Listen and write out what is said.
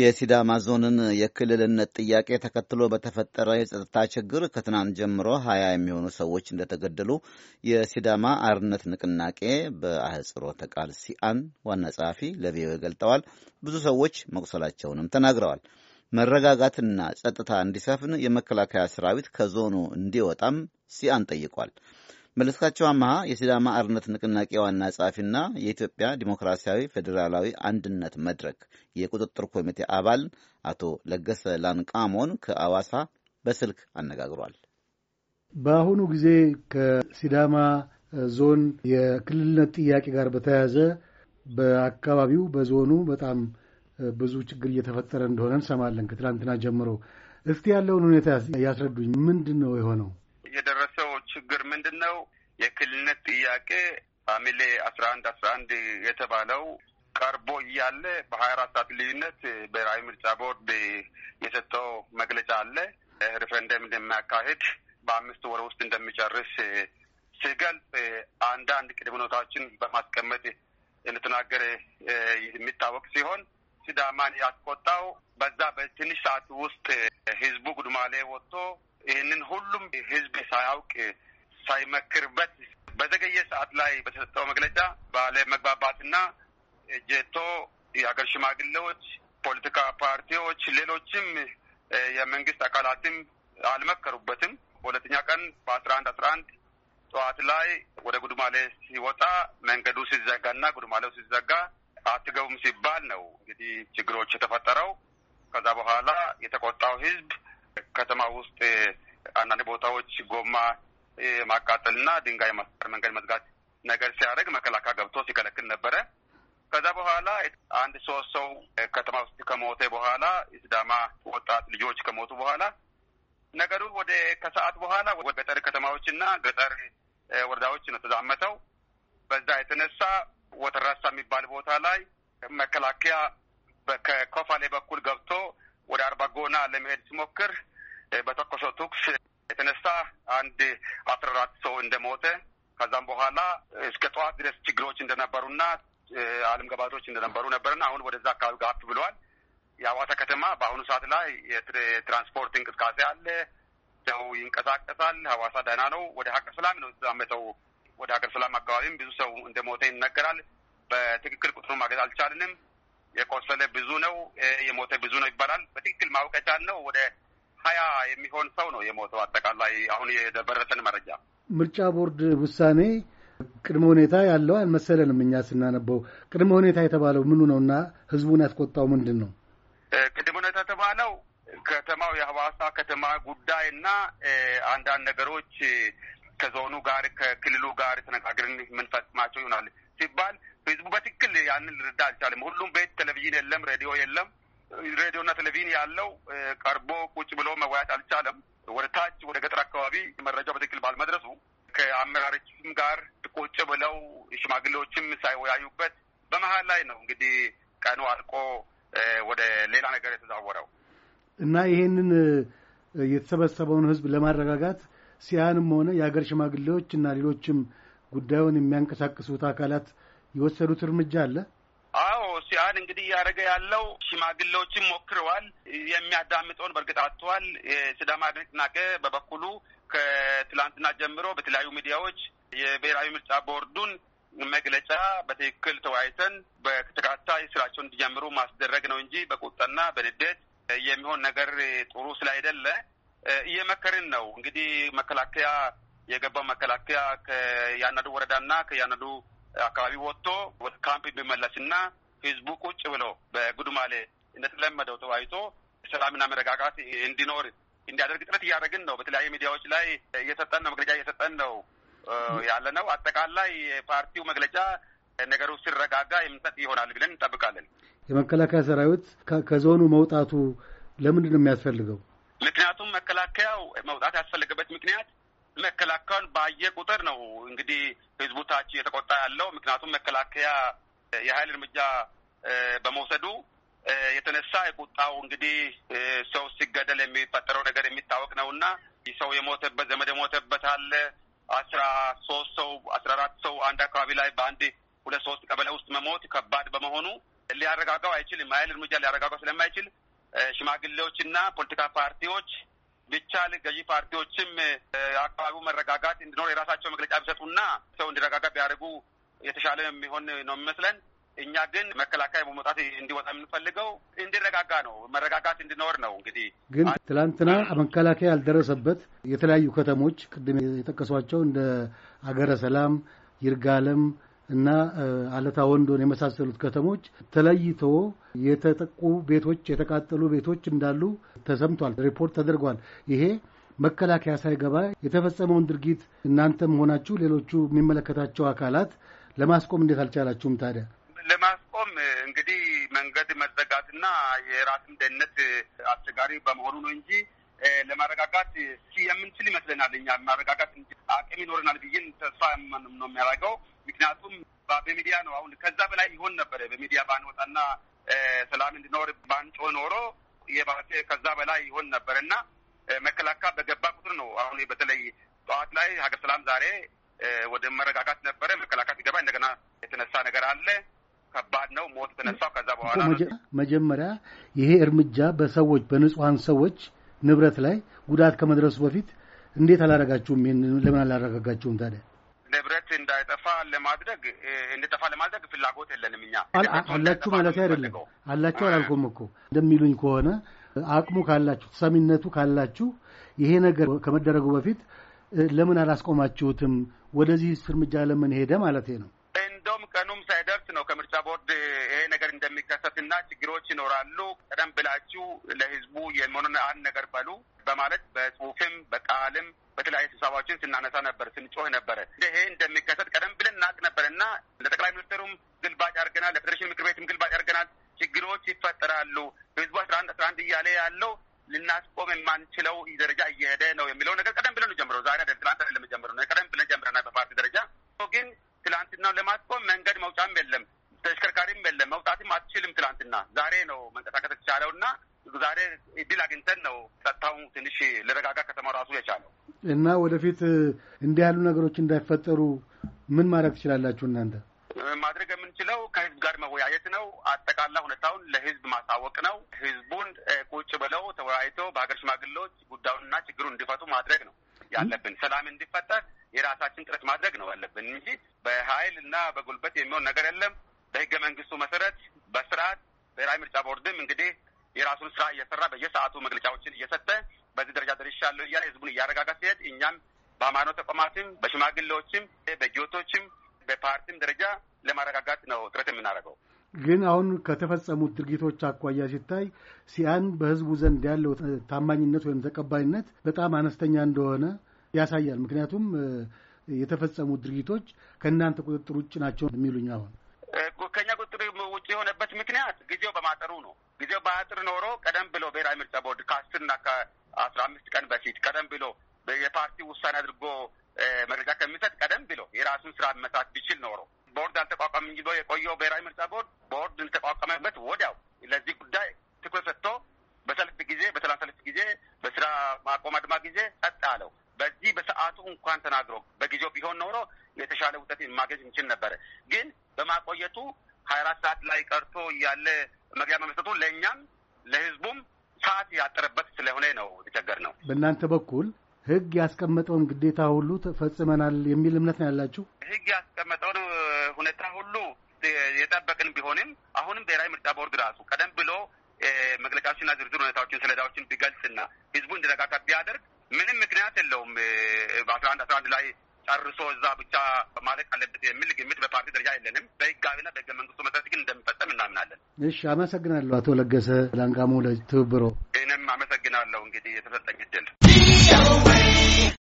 የሲዳማ ዞንን የክልልነት ጥያቄ ተከትሎ በተፈጠረ የጸጥታ ችግር ከትናንት ጀምሮ ሀያ የሚሆኑ ሰዎች እንደተገደሉ የሲዳማ አርነት ንቅናቄ በአህጽሮተ ቃል ሲአን ዋና ጸሐፊ ለቪኦኤ ገልጠዋል። ብዙ ሰዎች መቁሰላቸውንም ተናግረዋል። መረጋጋትና ጸጥታ እንዲሰፍን የመከላከያ ሰራዊት ከዞኑ እንዲወጣም ሲአን ጠይቋል። መለስካቸው አመሃ የሲዳማ አርነት ንቅናቄ ዋና ጸሐፊና የኢትዮጵያ ዲሞክራሲያዊ ፌዴራላዊ አንድነት መድረክ የቁጥጥር ኮሚቴ አባል አቶ ለገሰ ላንቃሞን ከአዋሳ በስልክ አነጋግሯል። በአሁኑ ጊዜ ከሲዳማ ዞን የክልልነት ጥያቄ ጋር በተያያዘ በአካባቢው በዞኑ በጣም ብዙ ችግር እየተፈጠረ እንደሆነ እንሰማለን። ከትላንትና ጀምሮ እስቲ ያለውን ሁኔታ ያስረዱኝ። ምንድን ነው የሆነው? ችግር ምንድን ነው? የክልልነት ጥያቄ ፋሚሌ አስራ አንድ አስራ አንድ የተባለው ቀርቦ እያለ በሀያ አራት ሰዓት ልዩነት ብሔራዊ ምርጫ ቦርድ የሰጠው መግለጫ አለ። ሪፈረንደም እንደሚያካሂድ በአምስት ወር ውስጥ እንደሚጨርስ ሲገልጽ አንዳንድ ቅድመ ሁኔታዎችን በማስቀመጥ እንደተናገረ የሚታወቅ ሲሆን ሲዳማን ያስቆጣው በዛ በትንሽ ሰዓት ውስጥ ህዝቡ ጉድማሌ ወጥቶ ይህንን ሁሉም ህዝብ ሳያውቅ ሳይመክርበት በዘገየ ሰዓት ላይ በተሰጠው መግለጫ ባለመግባባትና ጀቶ የሀገር ሽማግሌዎች፣ ፖለቲካ ፓርቲዎች፣ ሌሎችም የመንግስት አካላትም አልመከሩበትም። በሁለተኛ ቀን በአስራ አንድ አስራ አንድ ጠዋት ላይ ወደ ጉድማሌ ሲወጣ መንገዱ ሲዘጋና ጉድማሌው ሲዘጋ አትገቡም ሲባል ነው እንግዲህ ችግሮች የተፈጠረው። ከዛ በኋላ የተቆጣው ህዝብ ከተማ ውስጥ አንዳንድ ቦታዎች ጎማ ማቃጠልና ድንጋይ ማስቀር መንገድ መዝጋት ነገር ሲያደርግ መከላከያ ገብቶ ሲከለክል ነበረ። ከዛ በኋላ አንድ ሶስት ሰው ከተማ ውስጥ ከሞተ በኋላ የሲዳማ ወጣት ልጆች ከሞቱ በኋላ ነገሩ ወደ ከሰዓት በኋላ ወደ ገጠር ከተማዎችና ገጠር ወረዳዎች ነው ተዛመተው። በዛ የተነሳ ወተራሳ የሚባል ቦታ ላይ መከላከያ ከኮፋሌ በኩል ገብቶ ሆና ለመሄድ ሲሞክር በተኮሰው ተኩስ የተነሳ አንድ አስራ አራት ሰው እንደሞተ ከዛም በኋላ እስከ ጠዋት ድረስ ችግሮች እንደነበሩና አለም ገባቶች እንደነበሩ ነበርና አሁን ወደዛ አካባቢ ጋፍ ብለዋል። የአዋሳ ከተማ በአሁኑ ሰዓት ላይ የትራንስፖርት እንቅስቃሴ አለ። ሰው ይንቀሳቀሳል። ሀዋሳ ደህና ነው። ወደ ሀገር ሰላም ነው ዛመተው ወደ ሀገር ሰላም አካባቢም ብዙ ሰው እንደሞተ ይነገራል። በትክክል ቁጥሩን ማግኘት አልቻልንም። የቆሰለ ብዙ ነው፣ የሞተ ብዙ ነው ይባላል። በትክክል ማወቅ የቻልነው ወደ ሀያ የሚሆን ሰው ነው የሞተው። አጠቃላይ አሁን የደረሰን መረጃ ምርጫ ቦርድ ውሳኔ ቅድመ ሁኔታ ያለው አልመሰለንም። እኛ ስናነበው ቅድመ ሁኔታ የተባለው ምኑ ነው እና ህዝቡን ያስቆጣው ምንድን ነው? ቅድመ ሁኔታ የተባለው ከተማው የሐዋሳ ከተማ ጉዳይ እና አንዳንድ ነገሮች ከዞኑ ጋር ከክልሉ ጋር ተነጋግረን የምንፈጽማቸው ይሆናል ሲባል ህዝቡ በትክክል ያንን ልርዳ አልቻለም። ሁሉም ቤት ቴሌቪዥን የለም፣ ሬዲዮ የለም። ሬዲዮና ቴሌቪዥን ያለው ቀርቦ ቁጭ ብሎ መወያት አልቻለም። ወደ ታች ወደ ገጠር አካባቢ መረጃው በትክክል ባልመድረሱ ከአመራሮችም ጋር ቁጭ ብለው ሽማግሌዎችም ሳይወያዩበት በመሀል ላይ ነው እንግዲህ ቀኑ አልቆ ወደ ሌላ ነገር የተዛወረው እና ይሄንን የተሰበሰበውን ህዝብ ለማረጋጋት ሲያንም ሆነ የአገር ሽማግሌዎች እና ሌሎችም ጉዳዩን የሚያንቀሳቅሱት አካላት የወሰዱት እርምጃ አለ። አዎ ሲያን እንግዲህ እያደረገ ያለው ሽማግሌዎችን ሞክረዋል። የሚያዳምጠውን በእርግጥ አጥተዋል። የሲዳማ ንቅናቄ በበኩሉ ከትላንትና ጀምሮ በተለያዩ ሚዲያዎች የብሔራዊ ምርጫ ቦርዱን መግለጫ በትክክል ተወያይተን በተከታታይ ስራቸውን እንዲጀምሩ ማስደረግ ነው እንጂ በቁጣና በንዴት የሚሆን ነገር ጥሩ ስላይደለ እየመከርን ነው። እንግዲህ መከላከያ የገባው መከላከያ ከያናዱ ወረዳና ከያናዱ አካባቢ ወጥቶ ወደ ካምፕ ቢመለስና ህዝቡ ቁጭ ብሎ በጉዱማሌ እንደተለመደው ተወያይቶ ሰላምና መረጋጋት እንዲኖር እንዲያደርግ ጥረት እያደረግን ነው። በተለያዩ ሚዲያዎች ላይ እየሰጠን ነው፣ መግለጫ እየሰጠን ነው ያለ ነው። አጠቃላይ የፓርቲው መግለጫ ነገሩ ሲረጋጋ የምንሰጥ ይሆናል ብለን እንጠብቃለን። የመከላከያ ሰራዊት ከዞኑ መውጣቱ ለምንድን ነው የሚያስፈልገው? ምክንያቱም መከላከያው መውጣት ያስፈለገበት ምክንያት መከላከያውን ባየ ቁጥር ነው እንግዲህ ህዝቡ ታች እየተቆጣ ያለው። ምክንያቱም መከላከያ የሀይል እርምጃ በመውሰዱ የተነሳ የቁጣው እንግዲህ ሰው ሲገደል የሚፈጠረው ነገር የሚታወቅ ነው እና ሰው የሞተበት ዘመድ የሞተበት አለ አስራ ሶስት ሰው አስራ አራት ሰው አንድ አካባቢ ላይ በአንድ ሁለት ሶስት ቀበሌ ውስጥ መሞት ከባድ በመሆኑ ሊያረጋጋው አይችልም። ሀይል እርምጃ ሊያረጋጋው ስለማይችል ሽማግሌዎችና ፖለቲካ ፓርቲዎች ቢቻል ገዢ ፓርቲዎችም አካባቢው መረጋጋት እንዲኖር የራሳቸው መግለጫ ቢሰጡና ሰው እንዲረጋጋ ቢያደርጉ የተሻለ የሚሆን ነው የሚመስለን። እኛ ግን መከላከያ በመውጣት እንዲወጣ የምንፈልገው እንዲረጋጋ ነው፣ መረጋጋት እንዲኖር ነው። እንግዲህ ግን ትላንትና መከላከያ ያልደረሰበት የተለያዩ ከተሞች ቅድም የጠቀሷቸው እንደ አገረ ሰላም፣ ይርጋለም እና አለታ ወንዶን የመሳሰሉት ከተሞች ተለይቶ የተጠቁ ቤቶች፣ የተቃጠሉ ቤቶች እንዳሉ ተሰምቷል፣ ሪፖርት ተደርጓል። ይሄ መከላከያ ሳይገባ የተፈጸመውን ድርጊት እናንተ መሆናችሁ ሌሎቹ የሚመለከታቸው አካላት ለማስቆም እንዴት አልቻላችሁም ታዲያ? ለማስቆም እንግዲህ መንገድ መዘጋትና የራስም ደህንነት አስቸጋሪ በመሆኑ ነው እንጂ ለማረጋጋት የምንችል ይመስለናል። እኛ ማረጋጋት አቅም ይኖረናል ብዬን ተስፋ ነው የሚያደርገው ምክንያቱም በሚዲያ ነው አሁን ከዛ በላይ ይሆን ነበረ። በሚዲያ ባንወጣና ሰላም እንዲኖር ባንጮ ኖሮ የባሰ ከዛ በላይ ይሆን ነበር እና መከላከያ በገባ ቁጥር ነው አሁን በተለይ ጠዋት ላይ ሀገር ሰላም ዛሬ ወደ መረጋጋት ነበረ። መከላከያ ሲገባ እንደገና የተነሳ ነገር አለ። ከባድ ነው። ሞት የተነሳው ከዛ በኋላ መጀመሪያ ይሄ እርምጃ በሰዎች በንጹሀን ሰዎች ንብረት ላይ ጉዳት ከመድረሱ በፊት እንዴት አላረጋችሁም? ይህን ለምን አላረጋጋችሁም ታዲያ? ንብረት እንዳይጠፋ ለማድረግ እንዲጠፋ ለማድረግ ፍላጎት የለንም። እኛ አላችሁ ማለት አይደለም አላችሁ አላልኩም እኮ እንደሚሉኝ ከሆነ አቅሙ ካላችሁ ተሰሚነቱ ካላችሁ ይሄ ነገር ከመደረጉ በፊት ለምን አላስቆማችሁትም? ወደዚህ እርምጃ ለምን ሄደ ማለት ነው። እንደውም ቀኑም ሳይደርስ ነው ሰዎች ይኖራሉ። ቀደም ብላችሁ ለህዝቡ የመሆኑን አንድ ነገር በሉ በማለት በጽሁፍም በቃልም በተለያዩ ስብሰባዎችን ስናነሳ ነበር፣ ስንጮህ ነበረ። ይሄ እንደሚከሰት ቀደም ብለን እናቅ ነበር እና ለጠቅላይ ሚኒስትሩም ግልባጭ አድርገናል፣ ለፌዴሬሽን ምክር ቤትም ግልባጭ አድርገናል። ችግሮች ይፈጠራሉ። ህዝቡ አስራ አንድ አስራ አንድ እያለ ያለው ልናስቆም የማንችለው ደረጃ እየሄደ ነው የሚለው ነገር ቀደም ብለን ጀምረው ዛሬ አይደለም ትላንት አይደለም ጀምረው ቀደም ብለን ጀምረናል በፓርቲ ደረጃ ግን ትላንትናው ለማስቆም መንገድ መውጫም የለም ተሽከርካሪም የለም መውጣትም አትችልም። ትናንትና ዛሬ ነው መንቀሳቀስ የተቻለው እና ዛሬ እድል አግኝተን ነው ጸጥታውን ትንሽ ልረጋጋ ከተማ ራሱ የቻለው እና ወደፊት እንዲህ ያሉ ነገሮች እንዳይፈጠሩ ምን ማድረግ ትችላላችሁ እናንተ? ማድረግ የምንችለው ከህዝብ ጋር መወያየት ነው። አጠቃላ ሁኔታውን ለህዝብ ማሳወቅ ነው። ህዝቡን ቁጭ ብለው ተወያይቶ በሀገር ሽማግሌዎች ጉዳዩንና ችግሩን እንዲፈቱ ማድረግ ነው ያለብን። ሰላም እንዲፈጠር የራሳችን ጥረት ማድረግ ነው ያለብን እንጂ በኃይል እና በጉልበት የሚሆን ነገር የለም። በህገ መንግስቱ መሰረት በስርዓት ብሔራዊ ምርጫ ቦርድም እንግዲህ የራሱን ስራ እየሰራ በየሰዓቱ መግለጫዎችን እየሰጠ በዚህ ደረጃ ደርሻለሁ እያለ ህዝቡን እያረጋጋ ሲሄድ እኛም በሃይማኖት ተቋማትም በሽማግሌዎችም በጊዮቶችም በፓርቲም ደረጃ ለማረጋጋት ነው ጥረት የምናደርገው። ግን አሁን ከተፈጸሙት ድርጊቶች አኳያ ሲታይ ሲያን በህዝቡ ዘንድ ያለው ታማኝነት ወይም ተቀባይነት በጣም አነስተኛ እንደሆነ ያሳያል። ምክንያቱም የተፈጸሙት ድርጊቶች ከእናንተ ቁጥጥር ውጭ ናቸው የሚሉኝ አሁን የሆነበት ምክንያት ጊዜው በማጠሩ ነው። ጊዜው በአጥር ኖሮ ቀደም ብሎ ብሔራዊ ምርጫ ቦርድ ከአስርና ከአስራ አምስት ቀን በፊት ቀደም ብሎ የፓርቲ ውሳኔ አድርጎ መረጃ ከሚሰጥ ቀደም ብሎ የራሱን ስራ መሳት ቢችል ኖሮ ቦርድ አልተቋቋም እንጂ ብሎ የቆየው ብሔራዊ ምርጫ ቦርድ ቦርድ እንተቋቋመበት ወዲያው ለዚህ ጉዳይ ትኩረት ሰጥቶ በሰልፍ ጊዜ፣ በሰላም ሰልፍ ጊዜ፣ በስራ ማቆም አድማ ጊዜ ጸጥ አለው። በዚህ በሰዓቱ እንኳን ተናግሮ በጊዜው ቢሆን ኖሮ የተሻለ ውጤት ማግኘት እንችል ነበረ። ግን በማቆየቱ ሀያ አራት ሰዓት ላይ ቀርቶ እያለ መግቢያ መመስጠቱ ለእኛም ለህዝቡም ሰዓት ያጠረበት ስለሆነ ነው የተቸገር ነው። በእናንተ በኩል ህግ ያስቀመጠውን ግዴታ ሁሉ ተፈጽመናል የሚል እምነት ነው ያላችሁ? ህግ ያስቀመጠውን ሁኔታ ሁሉ የጠበቅን ቢሆንም አሁንም ብሔራዊ ምርጫ ቦርድ ራሱ ቀደም ብሎ መግለጫዎችና ዝርዝር ሁኔታዎችን ሰሌዳዎችን ቢገልጽና ህዝቡ እንዲረጋጋ ቢያደርግ ምንም ምክንያት የለውም በአስራ አንድ አስራ አንድ ላይ ጨርሶ እዛ ብቻ ማለቅ አለበት የሚል ግምት በፓርቲ ደረጃ የለንም። በህጋዊና በህገ መንግስቱ መሰረት ግን እንደሚፈጸም እናምናለን። እሺ፣ አመሰግናለሁ አቶ ለገሰ ላንቃሞ ለትብብሮ። እኔም አመሰግናለሁ እንግዲህ የተሰጠኝ እድል